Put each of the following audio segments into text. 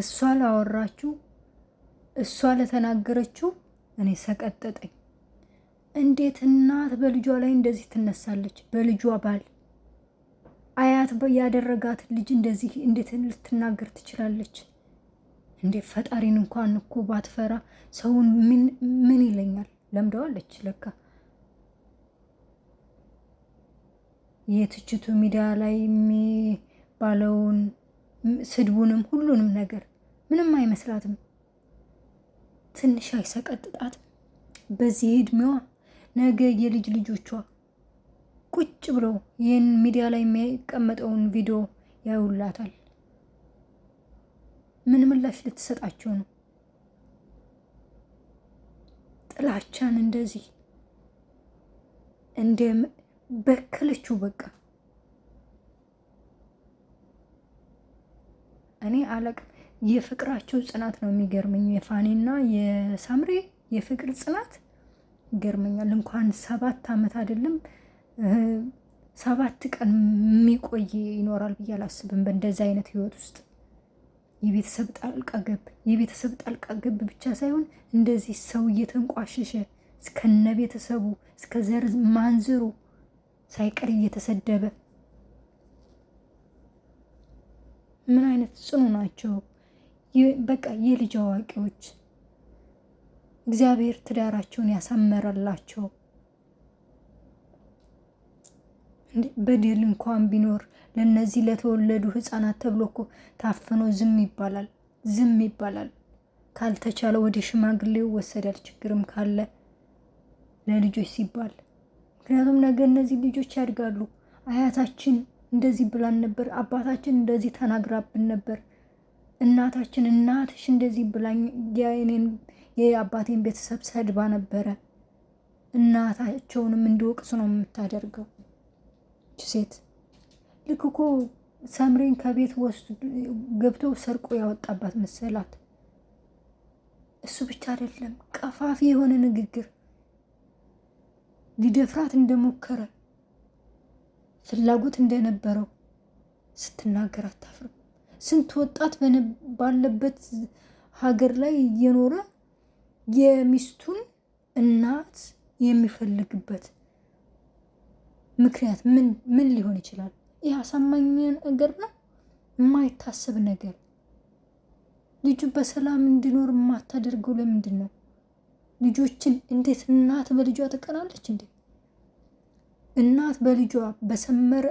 እሷ ላወራችሁ እሷ ለተናገረችው እኔ ሰቀጠጠኝ። እንዴት እናት በልጇ ላይ እንደዚህ ትነሳለች? በልጇ ባል አያት ያደረጋት ልጅ እንደዚህ እንዴት ልትናገር ትችላለች? እንዴት ፈጣሪን እንኳን እኮ ባትፈራ ሰውን ምን ይለኛል? ለምደዋለች ለካ። የትችቱ ሚዲያ ላይ የሚባለውን ስድቡንም ሁሉንም ነገር ምንም አይመስላትም። ትንሽ አይሰቀጥጣትም? በዚህ እድሜዋ ነገ የልጅ ልጆቿ ቁጭ ብለው ይህን ሚዲያ ላይ የሚቀመጠውን ቪዲዮ ያዩላታል። ምን ምላሽ ልትሰጣቸው ነው? ጥላቻን እንደዚህ እንደ በከለችው በቃ እኔ አለቅ የፍቅራቸው ጽናት ነው የሚገርመኝ። የፋኔና የሳምሬ የፍቅር ጽናት ይገርመኛል። እንኳን ሰባት አመት አይደለም ሰባት ቀን የሚቆይ ይኖራል ብዬ አላስብም። በእንደዚህ አይነት ህይወት ውስጥ የቤተሰብ ጣልቃ ገብ የቤተሰብ ጣልቃ ገብ ብቻ ሳይሆን እንደዚህ ሰው እየተንቋሸሸ እስከነ ቤተሰቡ እስከ ዘር ማንዝሩ ሳይቀር እየተሰደበ ምን አይነት ጽኑ ናቸው! በቃ የልጅ አዋቂዎች እግዚአብሔር ትዳራቸውን ያሳመረላቸው በደል እንኳን ቢኖር ለነዚህ ለተወለዱ ህፃናት ተብሎ እኮ ታፍኖ ዝም ይባላል፣ ዝም ይባላል። ካልተቻለ ወደ ሽማግሌ ይወሰዳል፣ ችግርም ካለ ለልጆች ሲባል። ምክንያቱም ነገ እነዚህ ልጆች ያድጋሉ አያታችን እንደዚህ ብላን ነበር፣ አባታችን እንደዚህ ተናግራብን ነበር፣ እናታችን እናትሽ እንደዚህ ብላኝ የኔን የአባቴን ቤተሰብ ሰድባ ነበረ። እናታቸውንም እንዲወቅስ ነው የምታደርገው ሴት። ልክ እኮ ሰምሬን ከቤት ገብቶ ገብተው ሰርቆ ያወጣባት መሰላት። እሱ ብቻ አይደለም፣ ቀፋፊ የሆነ ንግግር ሊደፍራት እንደሞከረ ፍላጎት እንደነበረው ስትናገር አታፍርም። ስንት ወጣት ባለበት ሀገር ላይ እየኖረ የሚስቱን እናት የሚፈልግበት ምክንያት ምን ምን ሊሆን ይችላል? ይህ አሳማኝ ነገር ነው። የማይታሰብ ነገር ልጁ በሰላም እንዲኖር የማታደርገው ለምንድን ነው? ልጆችን እንዴት እናት በልጇ ትቀናለች እንዴ? እናት በልጇ በሰመረ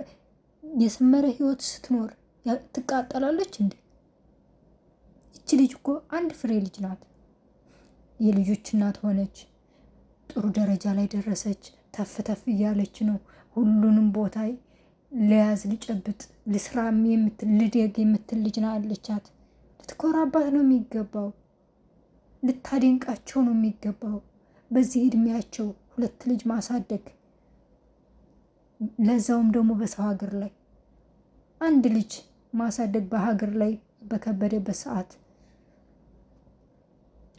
የሰመረ ህይወት ስትኖር ትቃጠላለች እንዴ? ይቺ ልጅ እኮ አንድ ፍሬ ልጅ ናት። የልጆች እናት ሆነች፣ ጥሩ ደረጃ ላይ ደረሰች። ተፍ ተፍ እያለች ነው ሁሉንም ቦታ ለያዝ ልጨብጥ ልስራም የምትል ልደግ የምትል ልጅ አለቻት። ልትኮራባት ነው የሚገባው። ልታደንቃቸው ነው የሚገባው። በዚህ እድሜያቸው ሁለት ልጅ ማሳደግ ለዛውም ደግሞ በሰው ሀገር ላይ አንድ ልጅ ማሳደግ በሀገር ላይ በከበደበት ሰዓት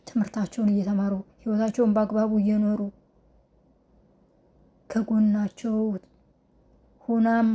ትምህርታቸውን እየተማሩ ህይወታቸውን በአግባቡ እየኖሩ ከጎናቸው ሆናም